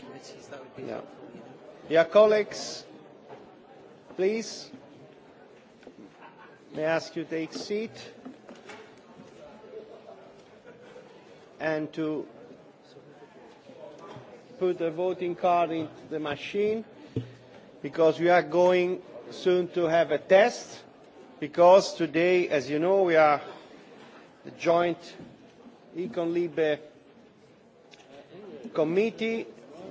Yeah. yeah. Dear colleagues, please, may I ask you to take a seat and to put the voting card into the machine because we are going soon to have a test because today, as you know, we are the joint Econ Libre committee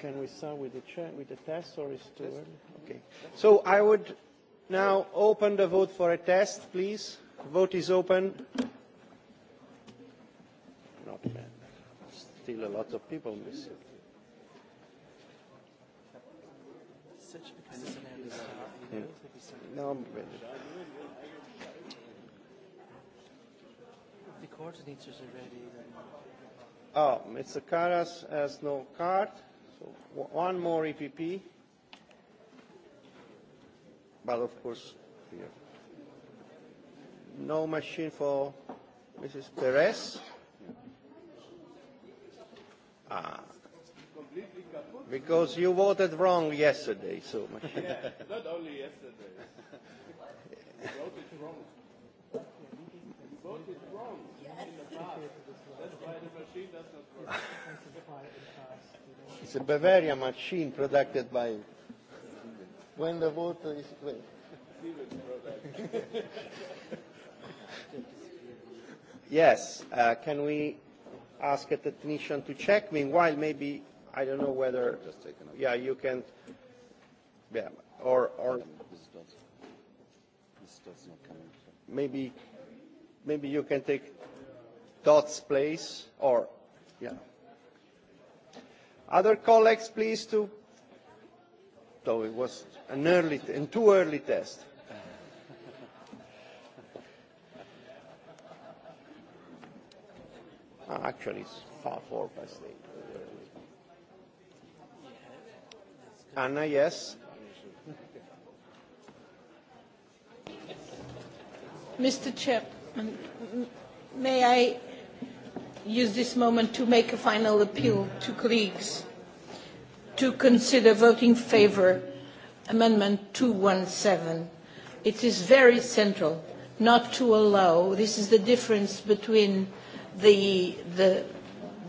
Can we start with the, chair with the test or is too early? Okay. So I would now open the vote for a test, please. Vote is open. Not bad. Still a lot of people missing. Yeah. No, I'm ready. coordinators are ready. Oh, Mr. Karas has no card. So one more EPP, but of course, yeah. no machine for Mrs. Perez. Ah. Because you voted wrong yesterday, so much. yeah, not only yesterday. you voted wrong. You voted wrong. It's a Bavaria machine produced by when the water is clean. yes, uh, can we ask a technician to check? Meanwhile, maybe, I don't know whether, Just take yeah, you can, yeah, or, or maybe, maybe you can take dots please, or, yeah. Other colleagues, please, to, though it was an early, and too early test. Ah, actually, it's far four past eight. Anna, yes? Mr. Chair, may I use this moment to make a final appeal to colleagues to consider voting in favour Amendment 217. It is very central not to allow, this is the difference between the, the,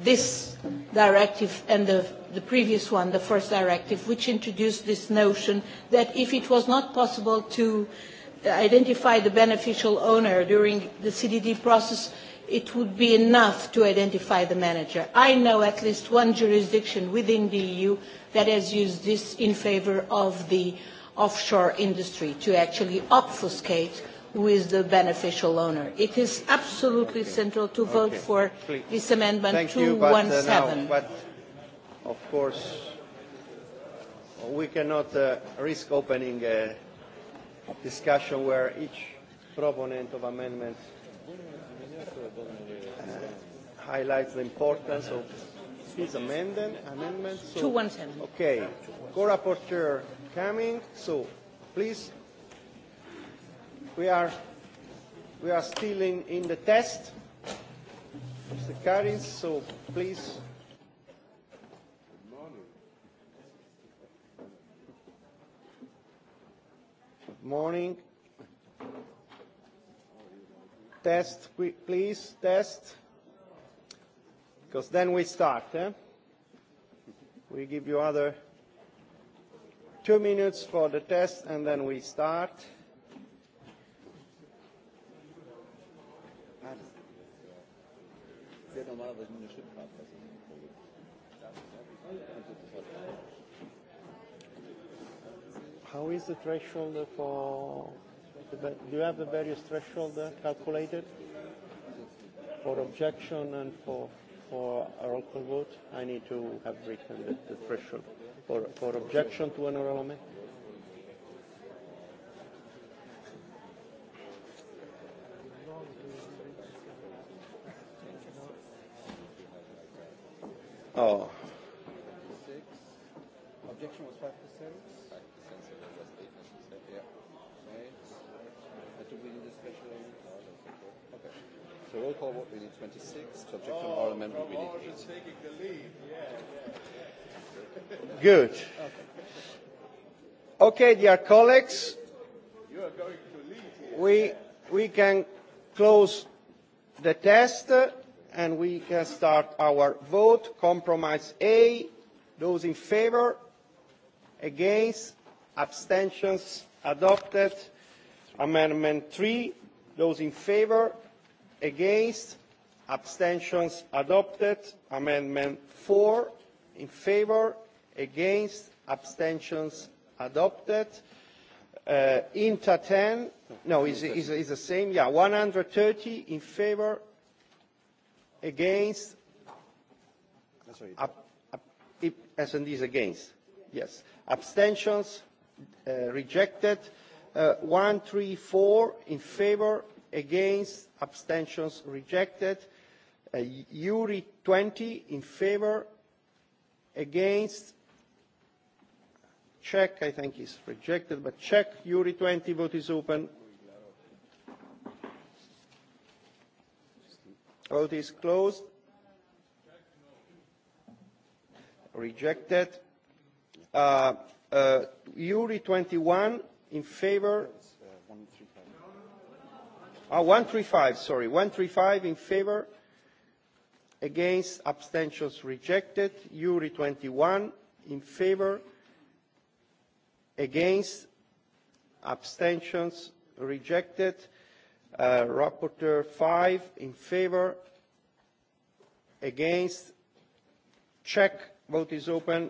this directive and the, the previous one, the first directive, which introduced this notion that if it was not possible to identify the beneficial owner during the CDD process, it would be enough to identify the manager. I know at least one jurisdiction within the EU that has used this in favor of the offshore industry to actually obfuscate who is the beneficial owner. It is absolutely okay. central to okay. vote for Please. this amendment Thank 217. You, but, uh, now, but of course, we cannot uh, risk opening a discussion where each proponent of amendments highlights the importance of this amendment. amendment. So, 217. Okay. Co-rapporteur coming. So, please, we are, we are still in, in the test. Mr. Karins, so please. Good morning. Test, please, test. Because then we start. Eh? We give you other two minutes for the test and then we start. How is the threshold for the, do you have the various threshold uh, calculated for objection and for for a roll call vote? I need to have written the, the threshold for for objection to an oral amendment. Oh. roll call vote, we need 26. Subject oh, to our amendment, we need. Eight. taking the lead. Yeah, yeah. Good. Okay, dear colleagues, you are going to lead here. we we can close the test and we can start our vote. Compromise A. Those in favor, against, abstentions adopted. Amendment 3. Those in favor, against abstentions adopted amendment 4 in favor against abstentions adopted uh, inter 10 no is is is the same yeah 130 in favor against S and if against yes abstentions uh, rejected uh, 134 in favor against abstentions rejected uh, URI 20 in favor against check I think is rejected but check URI 20 vote is open vote is closed rejected uh, uh, URI 21 in favor Uh, ah, 135, sorry. 135 in favor, against, abstentions rejected. URI 21 in favor, against, abstentions rejected. Uh, rapporteur 5 in favor, against, check, vote is open.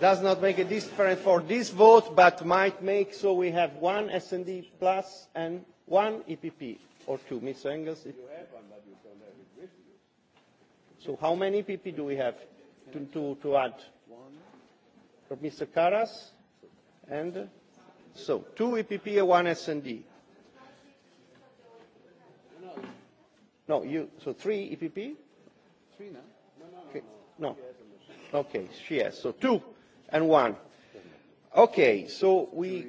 does not make a difference for this vote, but might make so we have one SD plus and one EPP or two. Mr. Engels? You have one, but you don't have it with you. So how many EPP do we have to, to, to add? One. For Mr. Karas? And so two EPP and one SD. No, you, so three EPP? Three now? No, no, no. Okay. no. no. Okay, she has. So two and one. Okay, so we,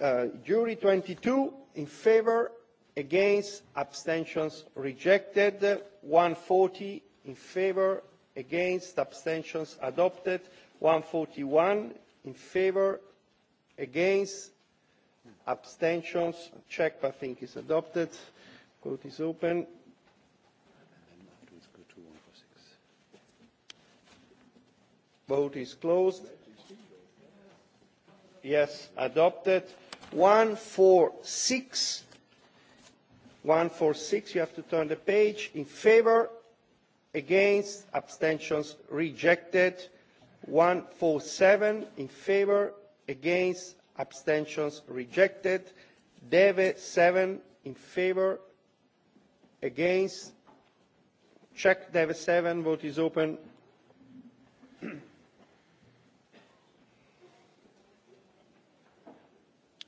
uh, jury 22 in favor, against, abstentions rejected, 140 in favor, against, abstentions adopted, 141 in favor, against, abstentions, check, I think is adopted, quote is open. Vote is closed. Yes, adopted. 146. 146, you have to turn the page. In favor, against, abstentions rejected. 147, in favor, against, abstentions rejected. Deve 7, in favor, against. Check Deve 7, vote is open.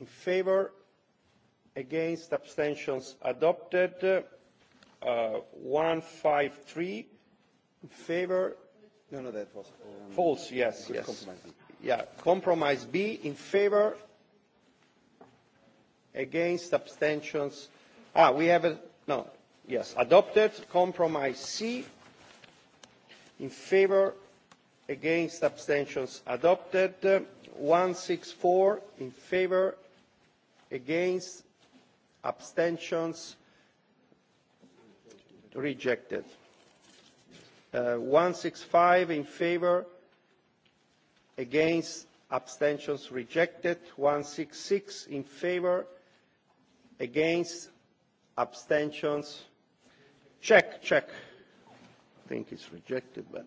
in favor against abstentions adopted uh, 153 in favor no no that was um, false yes yes compromise B. yeah compromise B in favor against abstentions ah we have a no yes adopted compromise C in favor against abstentions adopted 164 in favor against abstentions rejected uh, 165 in favor against abstentions rejected 166 in favor against abstentions check check i think it's rejected but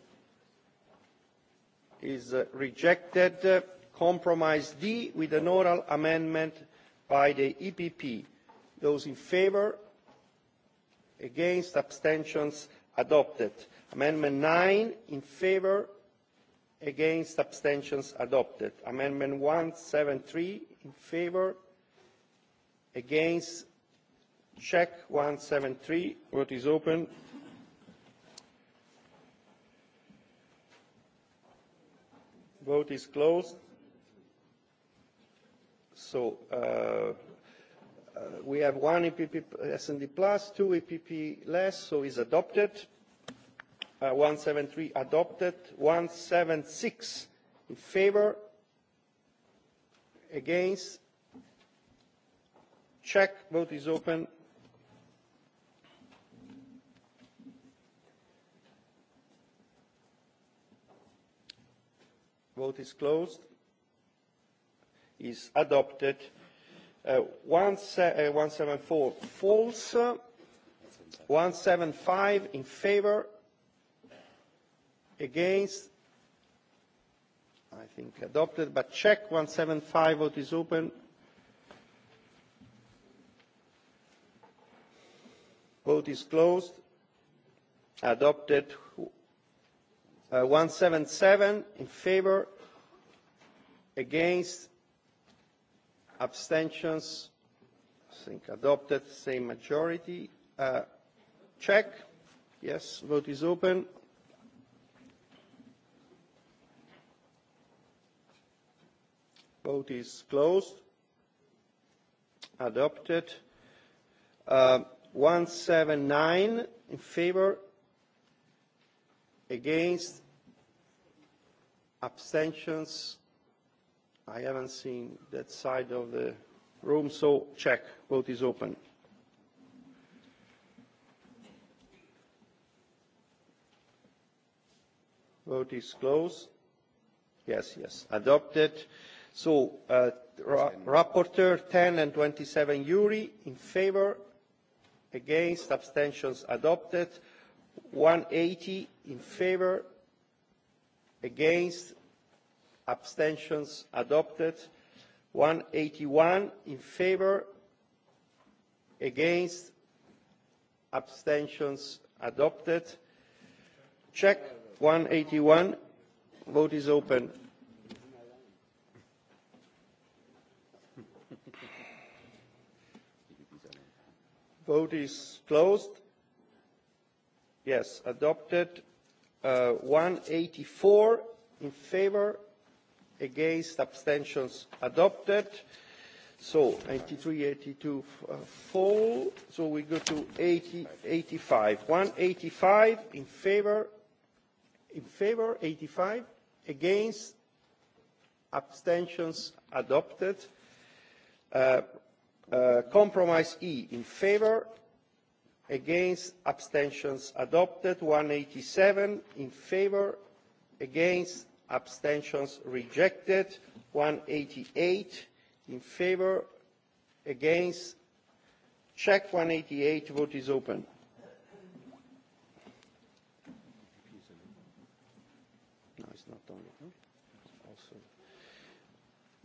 is uh, rejected. Uh, compromise D with an oral amendment by the EPP. Those in favour, against, abstentions adopted. Amendment 9 in favour, against, abstentions adopted. Amendment 173 in favour, against, check 173, vote is open. Vote is closed. So uh, uh, we have one EPP SND plus, two EPP less, so is adopted. Uh, 173 adopted. 176 in favor. Against. Check. Vote is open. Vote is closed. Is adopted. Uh, one, uh, 174 false. 175 in favor. Against. I think adopted, but check 175. Vote is open. Vote is closed. Adopted 177 uh, in favor, against, abstentions, I think adopted, same majority. Uh, check. Yes, vote is open. Vote is closed. Adopted. Uh, 179 in favor, Against? Abstentions? I haven't seen that side of the room, so check. Vote is open. Vote is closed. Yes, yes. Adopted. So, uh, ra Rapporteur 10 and 27 Yuri in favor, against, abstentions adopted. 180 in favor, against, abstentions adopted. 181 in favor, against, abstentions adopted. Check 181. Vote is open. Vote is closed Yes, adopted. Uh, 184 in favor, against, abstentions adopted. So 83, 82 uh, fall. So we go to 80, 85. 185 in favor, in favor, 85 against, abstentions adopted. Uh, uh, compromise E in favor, against abstentions adopted one hundred eighty seven in favour against abstentions rejected one eighty eight in favour against check one hundred eighty eight vote is open no it's not only also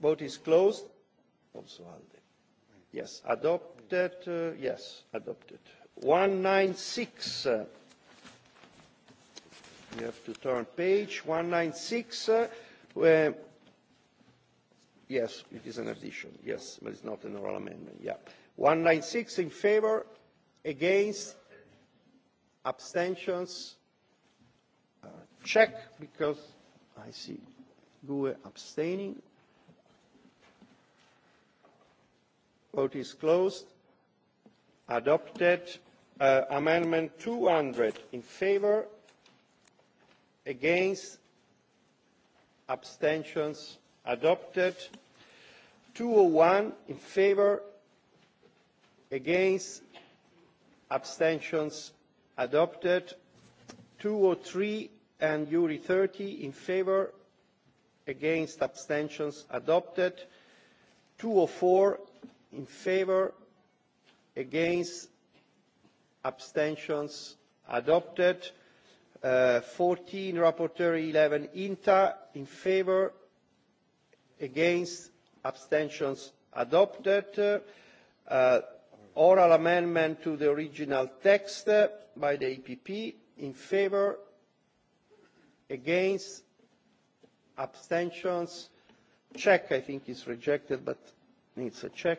vote is closed also yes adopted uh, yes adopted 196 you uh, have to turn page 196 uh, where yes it is an addition yes but it's not an oral amendment yeah 196 in favor against abstentions uh, check because I see GUE abstaining vote is closed adopted Uh, amendment 200 in favor, against, abstentions adopted. 201 in favor, against, abstentions adopted. 203 and URI 30 in favor, against, abstentions adopted. 204 in favor, against, abstentions adopted uh, 14 rapporteur 11 inta in favor against abstentions adopted uh, oral amendment to the original text by the EPP in favor against abstentions check I think is rejected but needs a check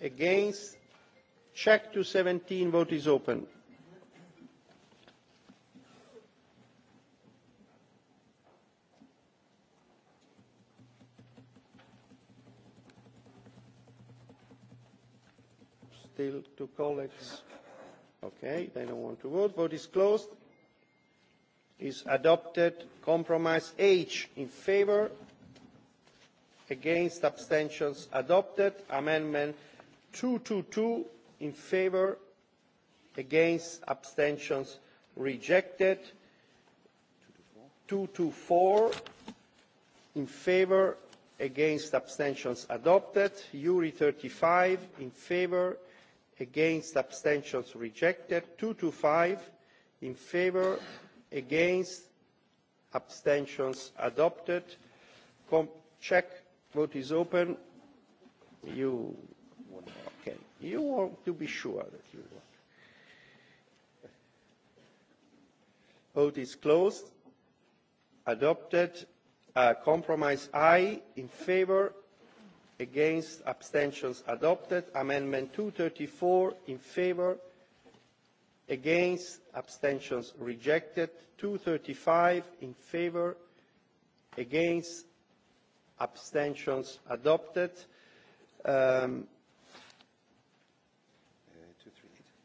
against check 217 vote is open still two colleagues okay they don't want to vote vote is closed is adopted compromise h in favor against abstentions adopted amendment 222 in favor against abstentions rejected 224 in favor against abstentions adopted URI 35 in favor against abstentions rejected 225 in favor against abstentions adopted Com check vote is open you You want to be sure that you want. Vote is closed. Adopted. Uh, compromise I in favor. Against abstentions adopted. Amendment 234 in favor. Against abstentions rejected. 235 in favor. Against abstentions adopted. Um,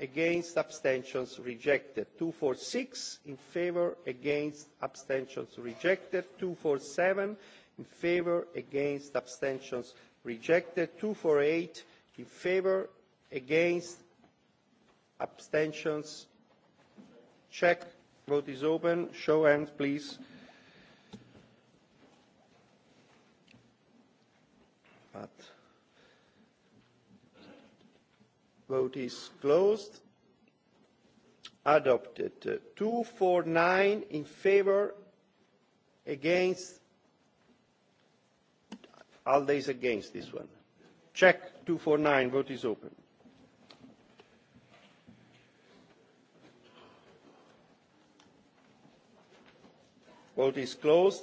against abstentions rejected two four six in favor against abstentions rejected two four seven in favor against abstentions rejected two four eight in favor against abstentions check vote is open show hands please but Vote is closed. Adopted. 249 uh, in favor, against. All days against this one. Check 249. Vote is open. Vote is closed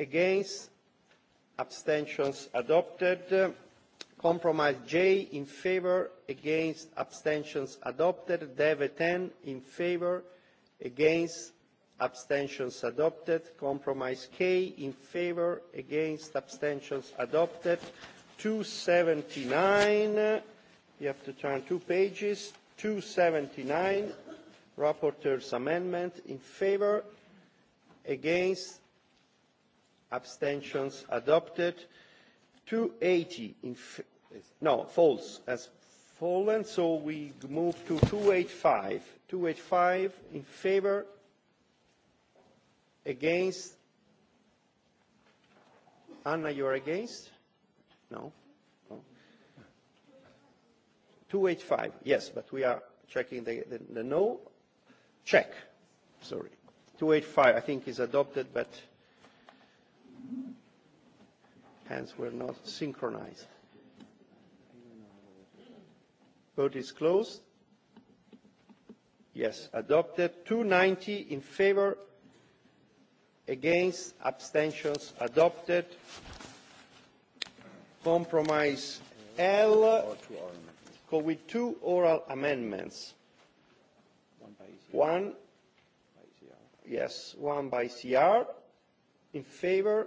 against abstentions adopted compromise j in favor against abstentions adopted dev 10 in favor against abstentions adopted compromise k in favor against abstentions adopted 279 you have to turn two pages 279 rapporteur's amendment in favor against abstentions adopted 280 in f no false as fallen so we move to 285 285 in favor against Anna you're against no, no. 285 yes but we are checking the, the, the no check sorry 285 I think is adopted but hands were not synchronized. Vote is closed. Yes, adopted. 290 in favor, against, abstentions adopted. Compromise L with two oral amendments. One yes, one by CR in favor,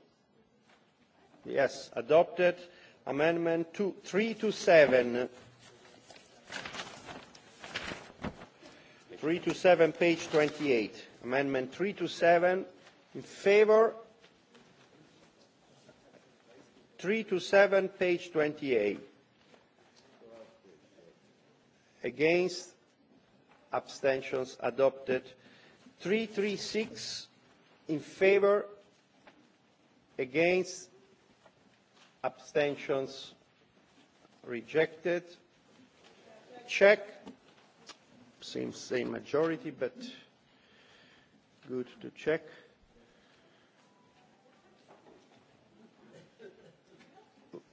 Yes, adopted. Amendment two, three to seven. Three to seven, page twenty eight. Amendment three to seven in favor. Three to seven, page twenty eight. Against abstentions adopted. Three three six in favor against abstentions rejected check seems same majority but good to check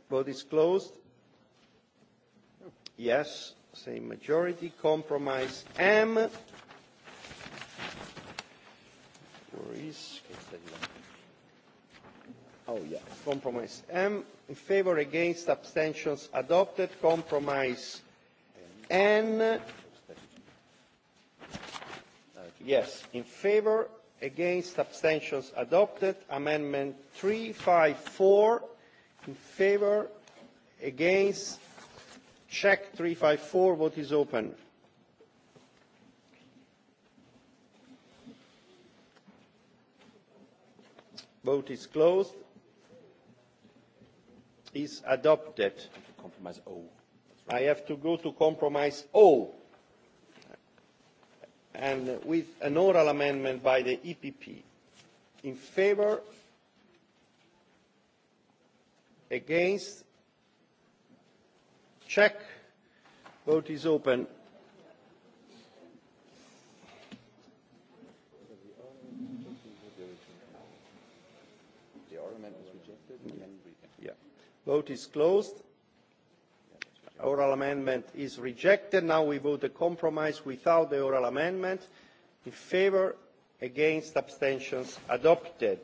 vote is closed yes same majority compromise m where is Oh, yeah. Compromise M. In favor, against, abstentions adopted. Compromise N. Yes. In favor, against, abstentions adopted. Amendment 354. In favor, against, check 354. Vote is open. Vote is closed is adopted. Compromise O. I have to go to compromise O. And with an oral amendment by the EPP. In favor, against, check, vote is open. amendment is rejected Yeah. Vote is closed. Oral amendment is rejected. Now we vote the compromise without the oral amendment. In favor, against, abstentions adopted.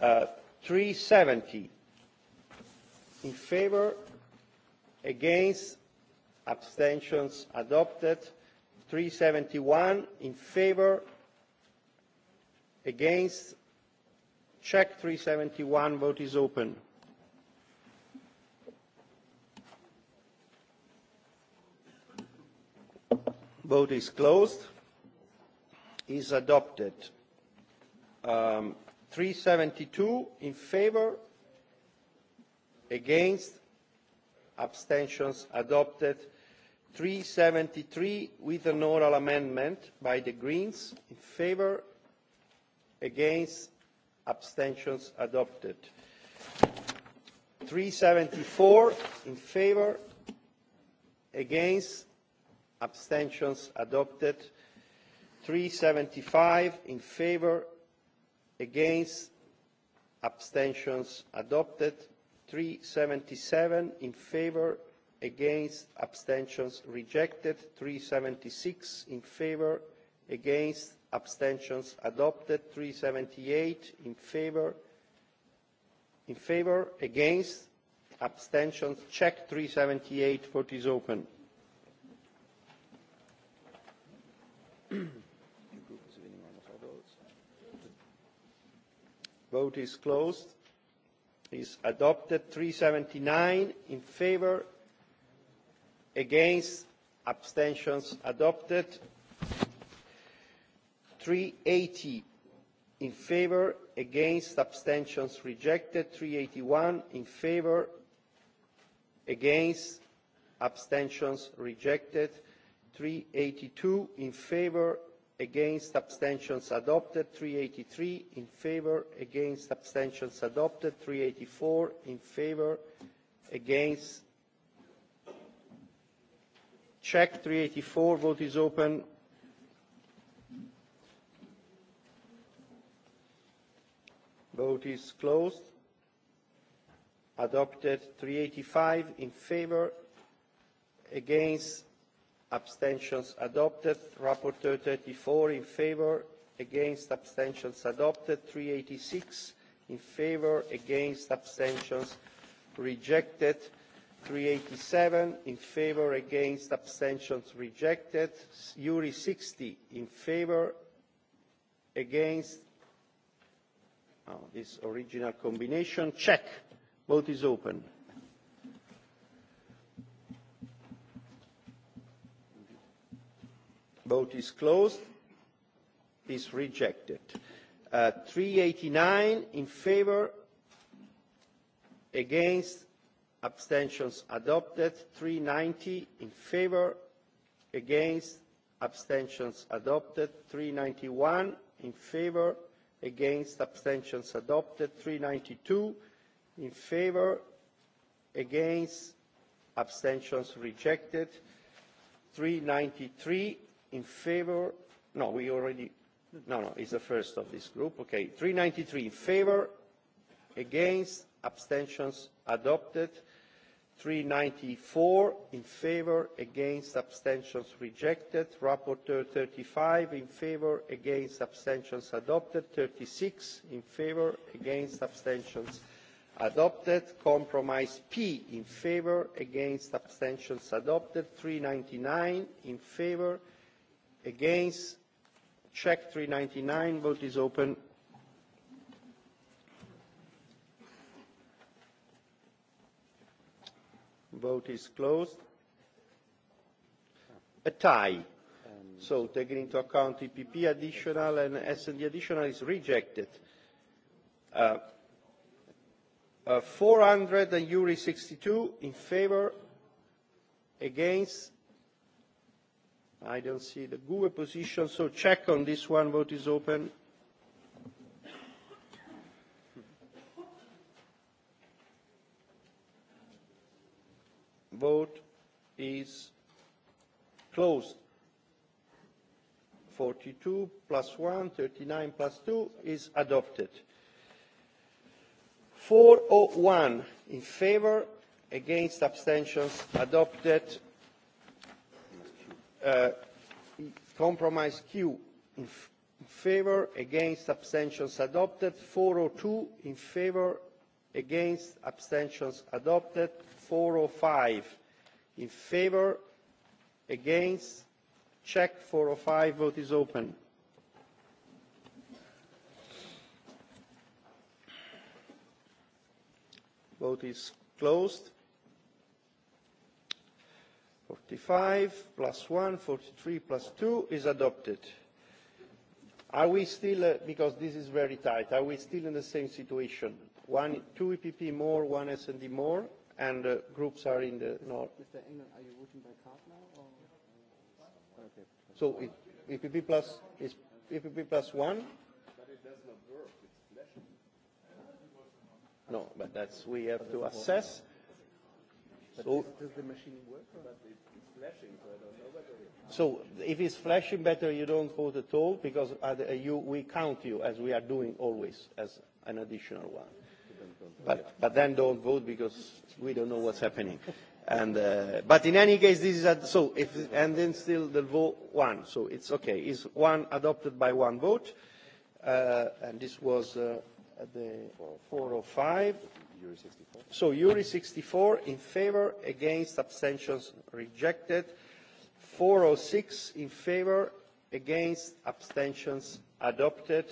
Uh, 370. In favor, against, abstentions adopted. 371. In favor, against, Check 371. Vote is open. Vote is closed. Is adopted. Um, 372 in favor, against, abstentions adopted. 373 with an oral amendment by the Greens in favor, against, abstentions adopted 374 in favor against abstentions adopted 375 in favor against abstentions adopted 377 in favor against abstentions rejected 376 in favor against abstentions adopted 378 in favor in favor against abstentions check 378 vote is open vote is closed is adopted 379 in favor against abstentions adopted 380 in favor against abstentions rejected 381 in favor against abstentions rejected 382 in favor against abstentions adopted 383 in favor against abstentions adopted 384 in favor against check 384 vote is open Vote is closed. Adopted 385 in favor, against, abstentions adopted. Rapporteur 34 in favor, against, abstentions adopted. 386 in favor, against, abstentions rejected. 387 in favor, against, abstentions rejected. URI 60 in favor, against, Oh, this original combination. Check. Vote is open. Vote is closed. Is rejected. Uh, 389 in favor, against, abstentions adopted. 390 in favor, against, abstentions adopted. 391 in favor, against abstentions adopted 392 in favor against abstentions rejected 393 in favor no we already no no it's the first of this group okay 393 in favor against abstentions adopted 394 in favour against abstentions rejected rapporteur 35 in favour against abstentions adopted 36 in favour against abstentions adopted compromise p in favour against abstentions adopted 399 in favour against check 399 vote is open Vote is closed. A tie. So taking into account EPP additional and S&D additional is rejected. Uh, uh, 400 and URI 62 in favor, against. I don't see the GUE position, so check on this one. Vote is open. vote is closed. 42 plus 1, 39 plus 2 is adopted. 401 in favor, against abstentions adopted. Uh, compromise Q in, in favor, against abstentions adopted. 402 in favor, against abstentions adopted 405 in favor against check 405 vote is open vote is closed 45 plus 1 43 plus 2 is adopted are we still uh, because this is very tight are we still in the same situation One, two EPP more, one SND more, and uh, groups are in the north. Mr. England, are you voting by card now? Or? Okay. So it, EPP plus is EPP plus one. But it does not work. It's flashing. No, but that's we have to assess. But so, does, does the machine work? Or? But it's flashing, so I don't know whether it. So if it's flashing better, you don't vote at all because you, we count you as we are doing always as an additional one. But, but then don't vote because we don't know what's happening. And, uh, but in any case, this is, a, so if, and then still the vote one, so it's okay. Is one adopted by one vote, uh, and this was uh, the 405. So URI 64 in favor, against, abstentions rejected. 406 in favor, against, abstentions adopted.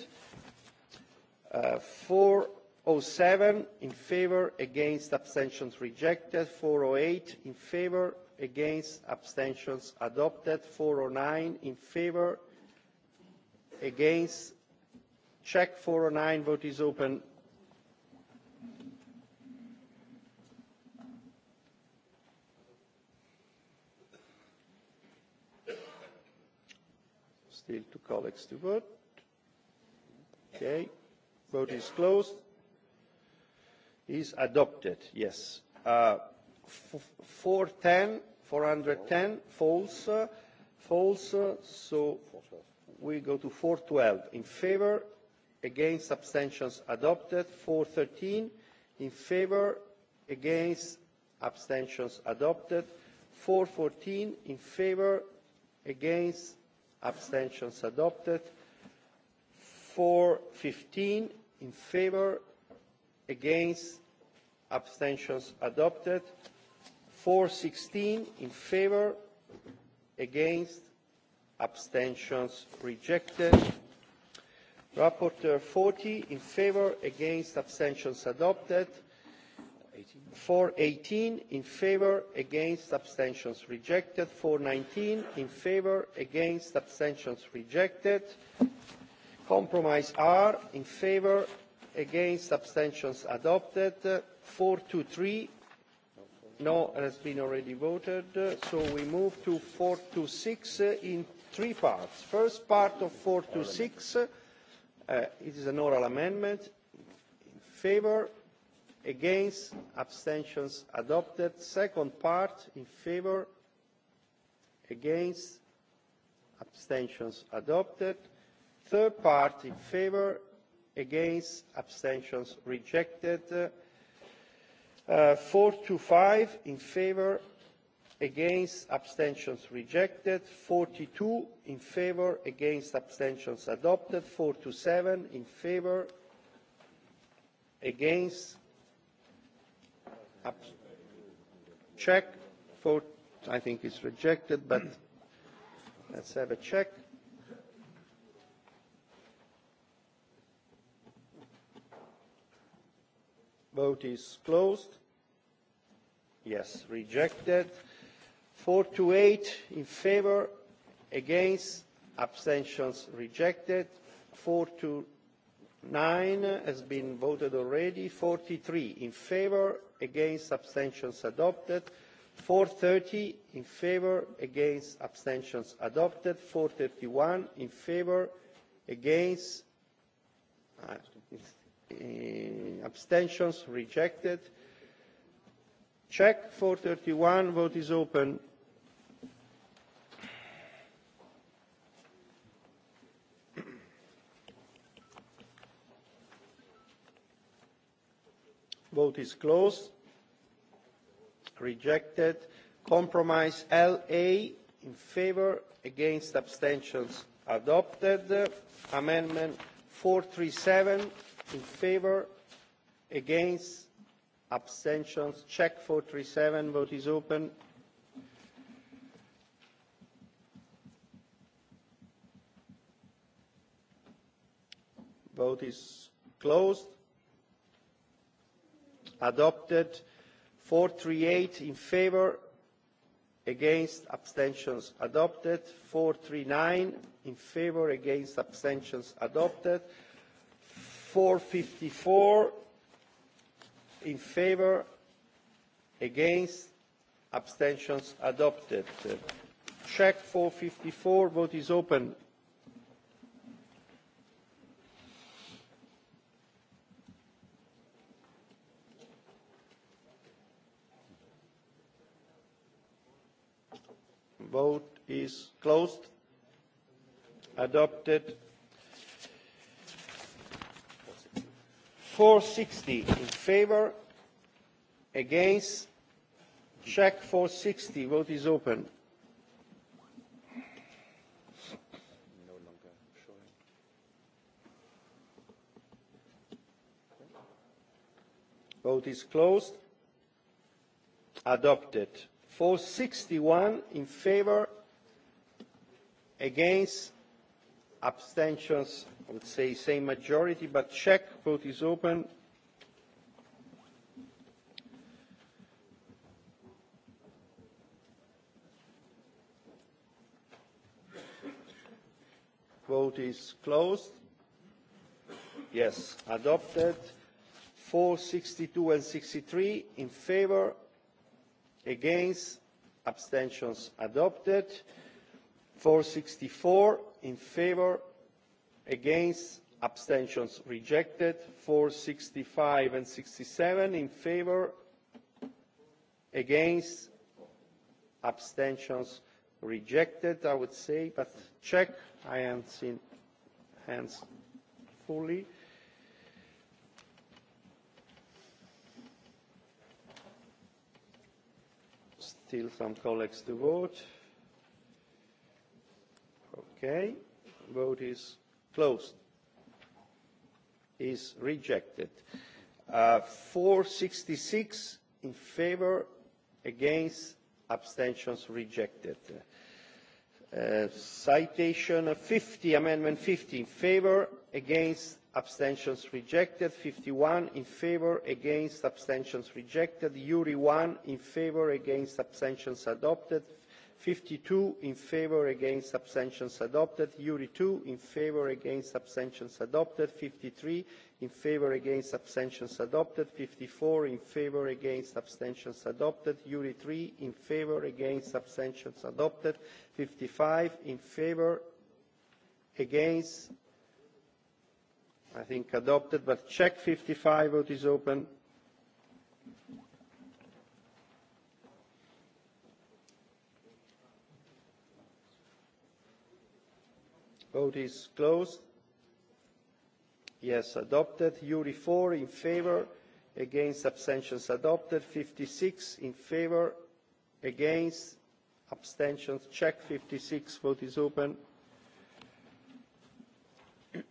Uh, seven in favor against abstentions rejected 408 in favor against abstentions adopted 409 in favor against check 409 vote is open still two colleagues to vote okay vote is closed is adopted, yes. Uh, 410, 410, false, uh, false, uh, so we go to 412. In favor, against abstentions adopted, 413. In favor, against abstentions adopted, 414. In favor, against abstentions adopted, 415. In favor, against abstentions adopted 416 in favor against abstentions rejected rapporteur 40 in favor against abstentions adopted 418 in favor against abstentions rejected 419 in favor against abstentions rejected compromise r in favor against abstentions adopted Four to three. No, has been already voted. So we move to four six in three parts. First part of four six. Uh, it is an oral amendment. In favor, against, abstentions adopted. Second part, in favor, against, abstentions adopted. Third part, in favor, against, abstentions rejected. Uh, four to five in favour against abstentions rejected forty two in favour against abstentions adopted four to seven in favour against check for I think it's rejected but let's have a check vote is closed Yes, rejected. 4 to 8 in favor, against, abstentions rejected. 4 to 9 has been voted already. 43 in favor, against, abstentions adopted. 430 in favor, against, abstentions adopted. 431 in favor, against, uh, uh, abstentions rejected. Check 431, vote is open. Vote is closed. Rejected. Compromise LA in favor, against abstentions adopted. Amendment 437 in favor, against abstentions check 437 vote is open vote is closed adopted 438 in favor against abstentions adopted 439 in favor against abstentions adopted 454 in favor against abstentions adopted check 454 vote is open vote is closed adopted 460 in favor against check 460 vote is open vote is closed adopted 461 in favor against abstentions I would say same majority, but check, vote is open. Vote is closed. Yes, adopted. 462 and 63 in favor, against, abstentions adopted. 464 in favor, against abstentions rejected 465 and 67 in favor against abstentions rejected i would say but check i am seen hands fully still some colleagues to vote okay vote is Closed. Is rejected. Uh, 466 in favor, against, abstentions rejected. Uh, citation 50, amendment 50 in favor, against, abstentions rejected. 51 in favor, against, abstentions rejected. URI 1 in favor, against, abstentions adopted. 52 in favor against abstentions adopted URI 2 in favor against abstentions adopted 53 in favor against abstentions adopted 54 in favor against abstentions adopted URI 3 in favor against abstentions adopted 55 in favor against I think adopted but check 55 vote is open Vote is closed. Yes, adopted. URI 4 in favor, against abstentions adopted. 56 in favor, against abstentions. Check 56. Vote is open.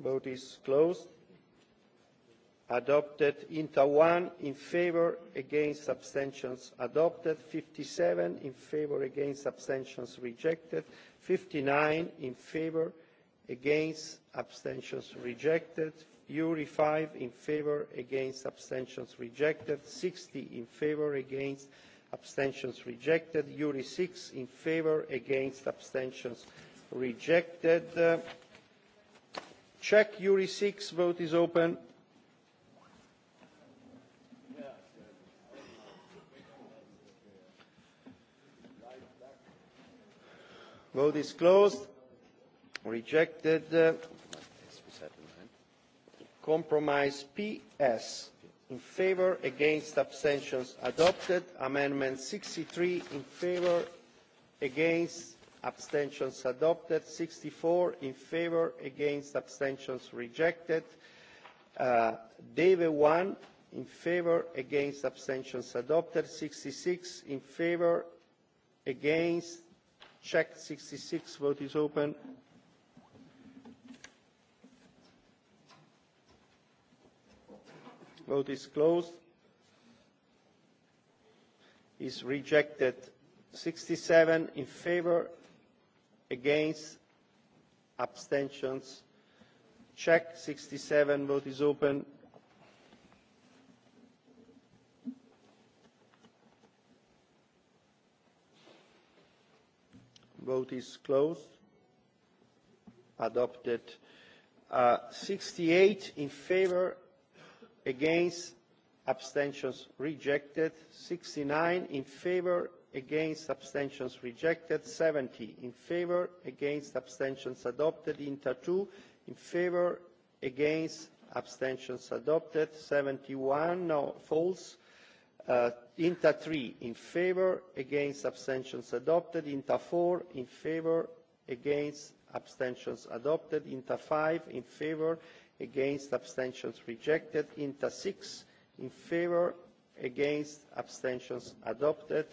Vote is closed adopted inta 1 in favor against abstentions adopted 57 in favor against abstentions rejected 59 in favor against abstentions rejected URI 5 in favor against abstentions rejected 60 in favor against abstentions rejected URI 6 in favor against abstentions rejected uh, check URI 6 vote is open Vote is closed. Rejected. Uh, compromise PS. In favor, against, abstentions adopted. Amendment 63 in favor, against, abstentions adopted. 64 in favor, against, abstentions rejected. Uh, Deve 1 in favor, against, abstentions adopted. 66 in favor, against, Check 66. Vote is open. Vote is closed. Is rejected. 67 in favor, against, abstentions. Check 67. Vote is open. Vote is closed. Adopted. Uh, 68 in favor, against, abstentions rejected. 69 in favor, against, abstentions rejected. 70 in favor, against, abstentions adopted. Inter 2 in favor, against, abstentions adopted. 71 no, false. Uh, inta three in favour against abstentions adopted inta four in favour against abstentions adopted inta five in favour against abstentions rejected inta six in favour against abstentions adopted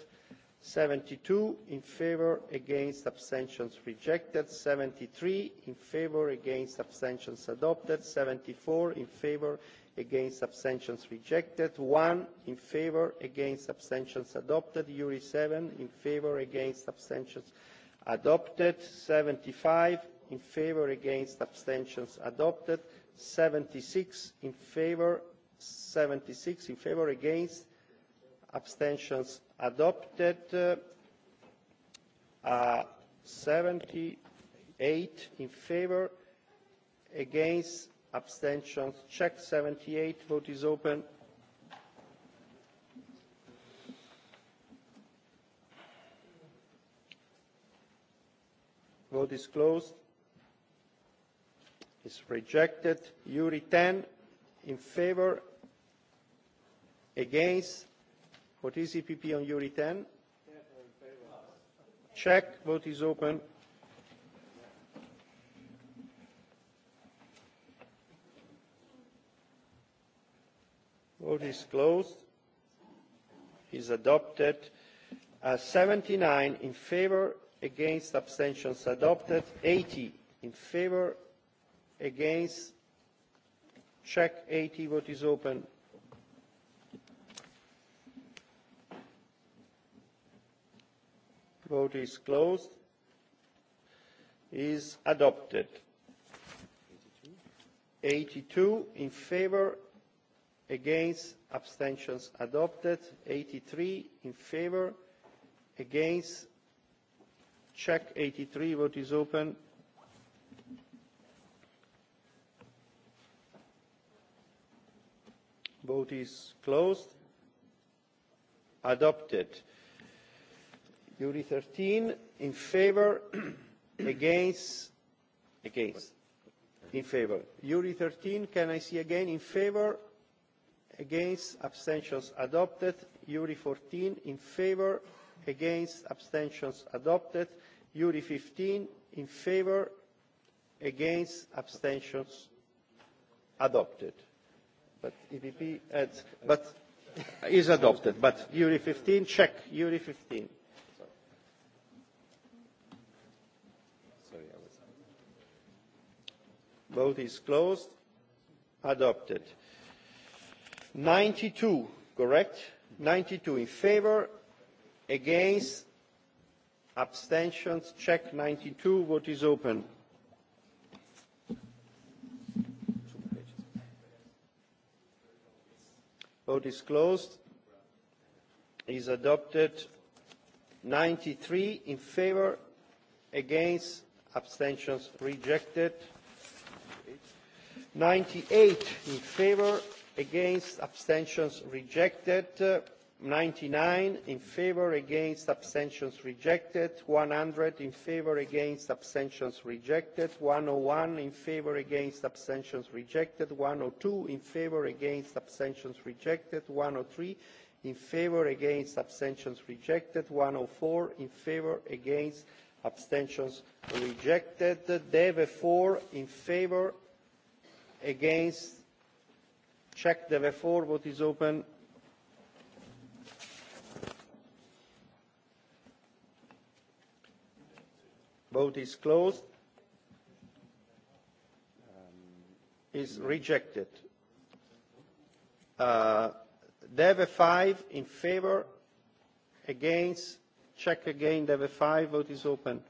72 in favor against abstentions rejected 73 in favor against abstentions adopted 74 in favor against abstentions rejected 1 in favor against abstentions adopted URI 7 in favor against abstentions adopted 75 in favor against abstentions adopted 76 in favor 76 in favor against abstentions adopted uh, uh, 78 in favor against abstentions check 78 vote is open vote is closed is rejected uri 10 in favor against Vote is EPP on URI 10? Check. Vote is open. Vote is closed. Is adopted. Uh, 79 in favor, against abstentions adopted. 80 in favor, against. Check 80. Vote is open. vote is closed is adopted 82 in favor against abstentions adopted 83 in favor against check 83 vote is open vote is closed adopted Jury 13 in favor against against in favor Jury 13 can I see again in favor against abstentions adopted Jury 14 in favor against abstentions adopted Jury 15 in favor against abstentions adopted but EPP adds, but is adopted but Jury 15 check Jury 15 Vote is closed. Adopted. 92, correct? 92 in favor, against, abstentions, check 92, vote is open. Vote is closed. Is adopted. 93 in favor, against, abstentions rejected. 98 in favor, against, abstentions rejected. 99 in favor, against, abstentions rejected. 100 in favor, against, abstentions rejected. 101 in favor, against, abstentions rejected. 102 in favor, against, abstentions rejected. 103 in favor, against, abstentions rejected. 104 in favor, against, abstentions rejected. Deve 4 in favor, against check the before vote is open vote is closed um, is rejected uh, there were five in favor against check again there were five vote is open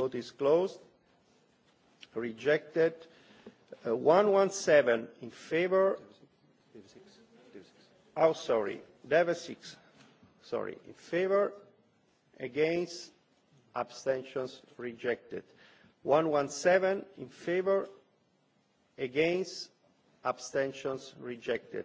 Vote is closed. Rejected. Uh, 117 in favor. Oh, sorry. Deva 6. Sorry. In favor. Against. Abstentions rejected. 117 in favor. Against. Abstentions rejected.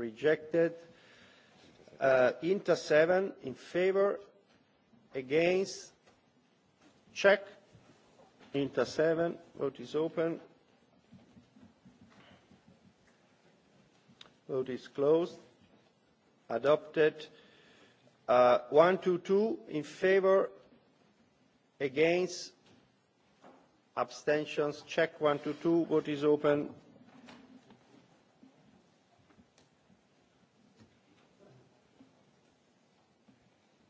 rejected. Uh, Inter seven in favor, against, check. Inter seven. vote is open. Vote is closed. Adopted. Uh, two in favor, against, abstentions, check. one two. vote is open.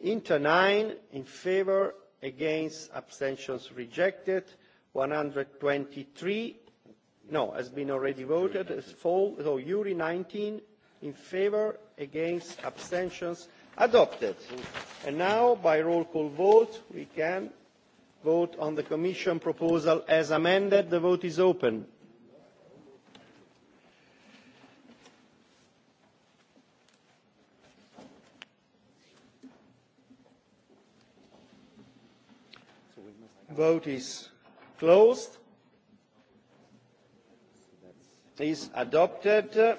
Inter 9 in favor, against, abstentions rejected. 123, no, has been already voted, as full, so URI 19 in favor, against, abstentions adopted. And now, by roll call vote, we can vote on the Commission proposal as amended. The vote is open. vote is closed. Is adopted. Um,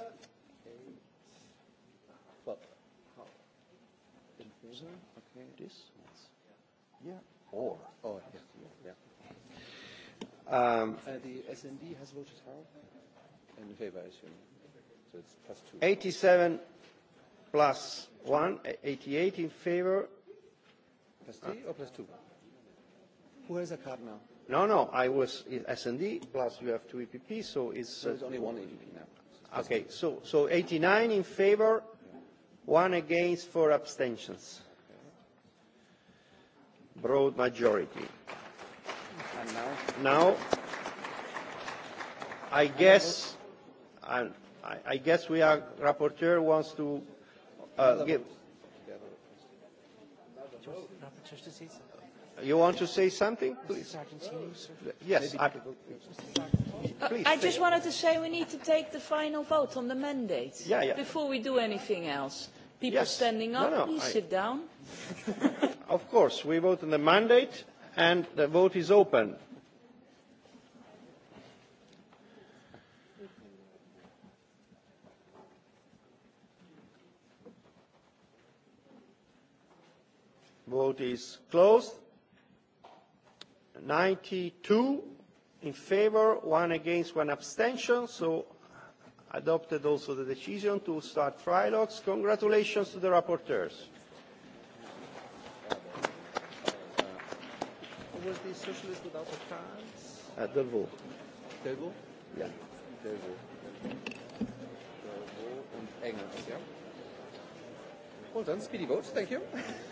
uh, the SND has voted how? In favor, I assume. So it's plus two. 87 plus one, 88 in favor. Plus three uh, or plus two? Where is the card now? No, no, I was S&D plus you have two EPP, so it's... So it's only one EPP now. Uh, okay, so, so 89 in favor, one against, four abstentions. Broad majority. And now? Now, I guess, I, I guess we are, rapporteur wants to uh, give... Rapporteur to say You want to say something? Please. Yes. I, uh, please, I just wanted to say we need to take the final vote on the mandate yeah, yeah. before we do anything else. People yes. standing up, no, no, please I... sit down. of course, we vote on the mandate and the vote is open. Vote is closed. 92 in favor, one against, one abstention. So adopted also the decision to start trilogues. Congratulations to the rapporteurs. Was the socialist without the cards? Yeah. and Engels, yeah? Well done, speedy vote, thank you.